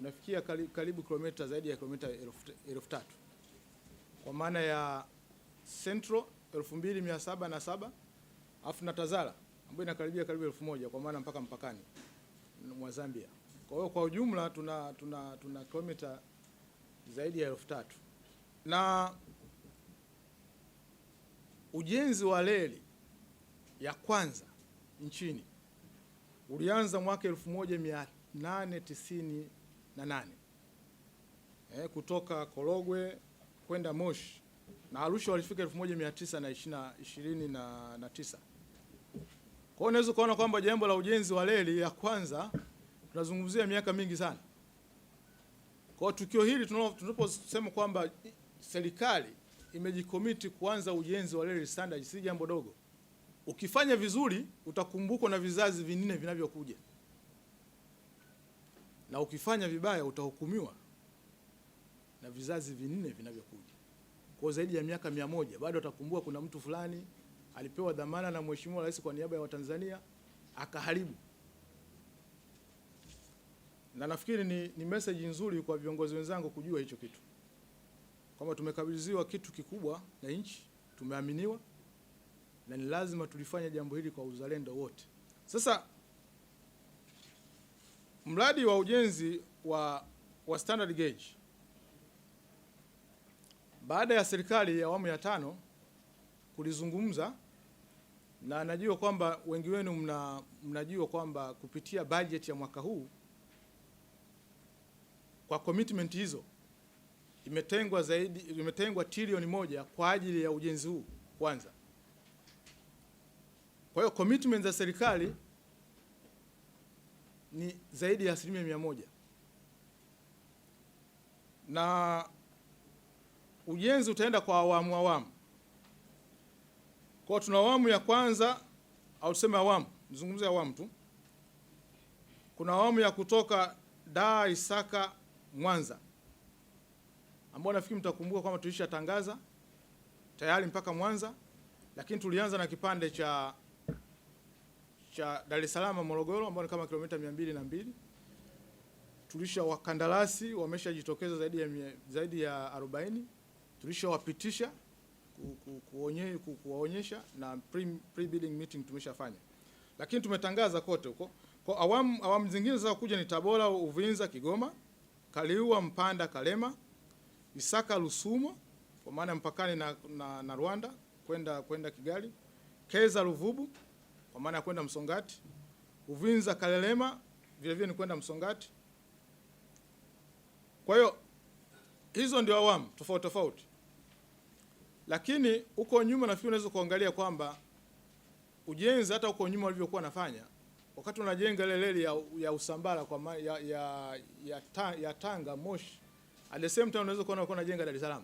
unafikia karibu kilomita zaidi ya kilomita elfu tatu kwa maana ya Central elfu mbili mia saba na saba afu na Tazara ambayo inakaribia karibu elfu moja kwa maana mpaka mpakani mwa Zambia. Kwa hiyo kwa ujumla tuna, tuna, tuna kilomita zaidi ya elfu tatu na Ujenzi wa reli ya kwanza nchini ulianza mwaka 1898 eh, kutoka Korogwe kwenda Moshi na Arusha walifika 1929. Kwa hiyo unaweza ukaona kwamba jambo la ujenzi wa reli ya kwanza tunazungumzia miaka mingi sana. Kwa tukio hili tunaposema kwamba serikali imejikomiti kuanza ujenzi wa reli standard, si jambo dogo. Ukifanya vizuri utakumbukwa na vizazi vinne vinavyokuja, na ukifanya vibaya utahukumiwa na vizazi vinne vinavyokuja. Kwa zaidi ya miaka mia moja bado atakumbuka kuna mtu fulani alipewa dhamana na Mheshimiwa Rais kwa niaba ya Watanzania akaharibu. Na nafikiri ni, ni message nzuri kwa viongozi wenzangu kujua hicho kitu kwamba tumekabidhiwa kitu kikubwa na nchi, tumeaminiwa na ni lazima tulifanya jambo hili kwa uzalendo wote. Sasa mradi wa ujenzi wa, wa standard gauge baada ya serikali ya awamu ya tano kulizungumza na najua kwamba wengi wenu mna, mnajua kwamba kupitia bajeti ya mwaka huu kwa commitment hizo imetengwa zaidi, imetengwa trilioni moja kwa ajili ya ujenzi huu kwanza. Kwa hiyo commitment za serikali ni zaidi ya asilimia mia moja na ujenzi utaenda kwa awamu awamu. Kwa tuna awamu ya kwanza au tuseme awamu, nizungumzie awamu tu. Kuna awamu ya kutoka Dar Isaka Mwanza ambao nafikiri mtakumbuka kwamba tulishatangaza tayari mpaka Mwanza, lakini tulianza na kipande cha cha Dar es Salaam Morogoro, ambao ni kama kilomita mia mbili na mbili. Tulisha wakandarasi wameshajitokeza zaidi ya zaidi ya 40 tulishawapitisha ku, kuonye, ku, kuwaonyesha na pre, pre bidding meeting tumeshafanya, lakini tumetangaza kote huko kwa awamu awamu zingine za kuja ni Tabora, Uvinza, Kigoma, Kaliua, Mpanda, Kalema Isaka Rusumo kwa maana ya mpakani na, na, na Rwanda kwenda kwenda Kigali, Keza Ruvubu kwa maana ya kwenda Msongati, Uvinza Kalelema vile vile ni kwenda Msongati. Kwa hiyo hizo ndio awamu tofauti tofauti, lakini huko nyuma nafikiri unaweza kuangalia kwamba ujenzi hata huko nyuma walivyokuwa nafanya wakati unajenga ile reli ya, ya Usambara kwa ya, ya, ya, ya Tanga Moshi At the same time unaweza kuona uko jenga Dar es Salaam.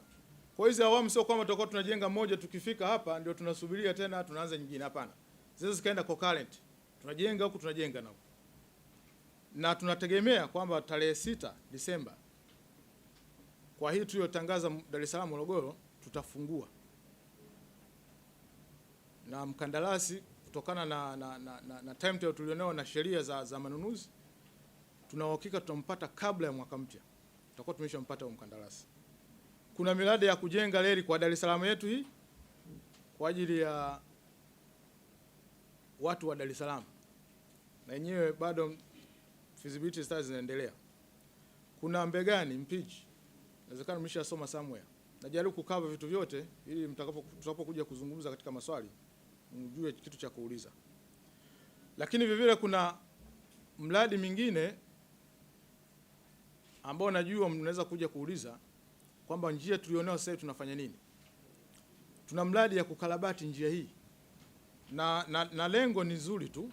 Kwa hiyo hizi awamu sio kwamba tutakuwa tunajenga moja tukifika hapa ndio tunasubiria tena tunaanza nyingine, hapana. Zizo zikaenda concurrent. Tunajenga huku tunajenga na huku. Na tunategemea kwamba tarehe sita Disemba kwa hii tuliyotangaza Dar es Salaam Morogoro tutafungua na mkandarasi kutokana na, na, na, na, na timetable tulionao na sheria za, za manunuzi tuna uhakika tutampata kabla ya mwaka mpya tutakuwa tumeshampata huyo mkandarasi. Kuna miradi ya kujenga reli kwa Dar es Salaam yetu hii kwa ajili ya watu wa Dar es Salaam, na yenyewe bado feasibility studies zinaendelea. Kuna Mbegani, Mpiji, inawezekana mlishasoma somewhere. Najaribu kukava vitu vyote ili mtakapo tutakapokuja kuzungumza katika maswali mjue kitu cha kuuliza, lakini vivile kuna mradi mingine ambao najua mnaweza kuja kuuliza kwamba njia tulionayo sasa tunafanya nini. Tuna mradi ya kukarabati njia hii na, na, na lengo ni zuri tu,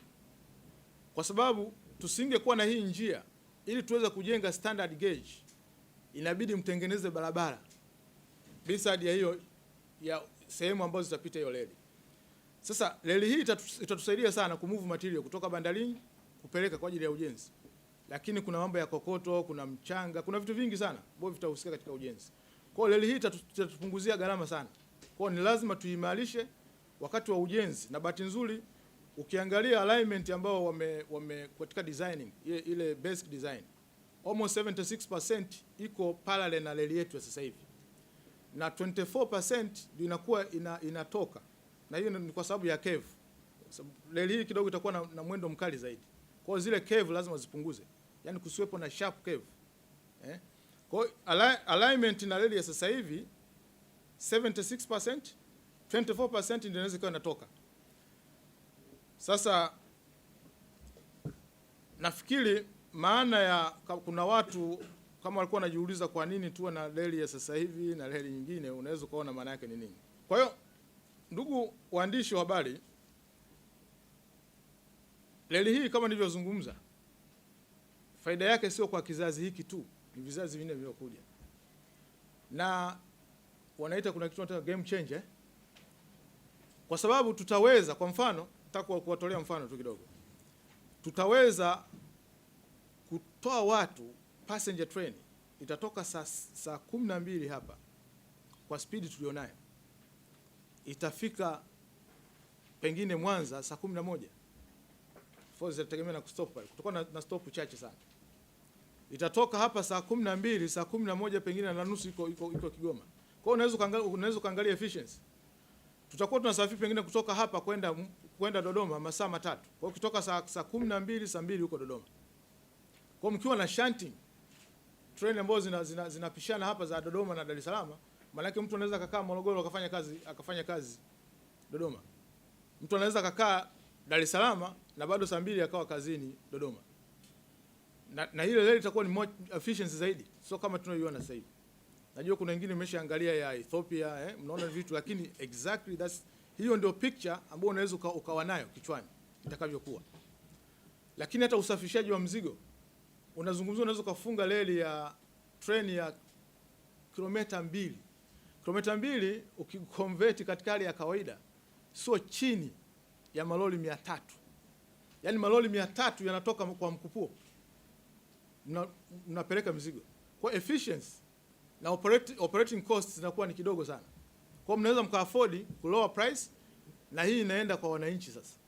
kwa sababu tusingekuwa na hii njia ili tuweze kujenga standard gauge, inabidi mtengeneze barabara beside ya hiyo ya sehemu ambazo zitapita hiyo reli. Sasa reli hii itatusaidia sana kumove material kutoka bandarini kupeleka kwa ajili ya ujenzi lakini kuna mambo ya kokoto, kuna mchanga, kuna vitu vingi sana ambavyo vitahusika katika ujenzi. Kwa hiyo reli hii itatupunguzia gharama sana, kwa hiyo ni lazima tuimarishe wakati wa ujenzi. Na bahati nzuri ukiangalia alignment ambao wame, wame katika designing ile, ile basic design almost 76% iko parallel na reli yetu ya sasa hivi na 24% ndio inakuwa ina, inatoka na hiyo ni kwa sababu ya cave. Reli hii kidogo itakuwa na, na mwendo mkali zaidi, kwa hiyo zile cave lazima zipunguze yani kusiwepo na sharp curve eh. Kwa alignment na reli ya sasa hivi 76%, 24% ndio inaweza ikawa inatoka. Sasa nafikiri maana ya kuna watu kama walikuwa wanajiuliza kwa nini tuwe na reli ya sasa hivi na reli nyingine, unaweza ukaona maana yake ni nini. Kwa hiyo ndugu waandishi wa habari, reli hii kama nilivyozungumza faida yake sio kwa kizazi hiki tu, ni vizazi vinne vinavyokuja, na wanaita kuna kitu wanaita game changer, kwa sababu tutaweza, kwa mfano, nataka kuwatolea mfano tu kidogo, tutaweza kutoa watu passenger train itatoka saa saa kumi na mbili hapa kwa spidi tulionayo itafika pengine Mwanza saa kumi na moja zitategemea na kustop pale, kutokana na stop chache sana itatoka hapa saa kumi na mbili saa kumi na moja pengine na nusu iko, iko, iko Kigoma. Kwa hiyo unaweza ukaangalia efficiency, tutakuwa tunasafiri pengine kutoka hapa kwenda kwenda Dodoma masaa matatu. Kwa hiyo kutoka saa, saa kumi na mbili saa mbili huko Dodoma. Kwa mkiwa na shanting treni ambazo zinapishana zina, zina hapa za Dodoma na Dar es Salaam, maanake mtu anaweza kakaa Morogoro akafanya kazi akafanya kazi Dodoma, mtu anaweza kakaa Dar es Salaam na bado saa mbili akawa kazini Dodoma na, na ile leo itakuwa ni more efficient zaidi, sio kama tunaiona sasa hivi. Najua kuna wengine mmeshaangalia ya Ethiopia eh, mnaona vitu lakini exactly that's hiyo ndio picture ambayo unaweza ukawa nayo kichwani itakavyokuwa. Lakini hata usafirishaji wa mzigo unazungumzia, unaweza kufunga reli ya treni ya kilomita mbili kilomita mbili ukikonvert katika hali ya kawaida sio chini ya maloli mia tatu yaani malori mia tatu yanatoka kwa mkupuo mnapeleka mizigo kwa efficiency na operating costs zinakuwa ni kidogo sana, kwa mnaweza mka afford ku lower price, na hii inaenda kwa wananchi sasa.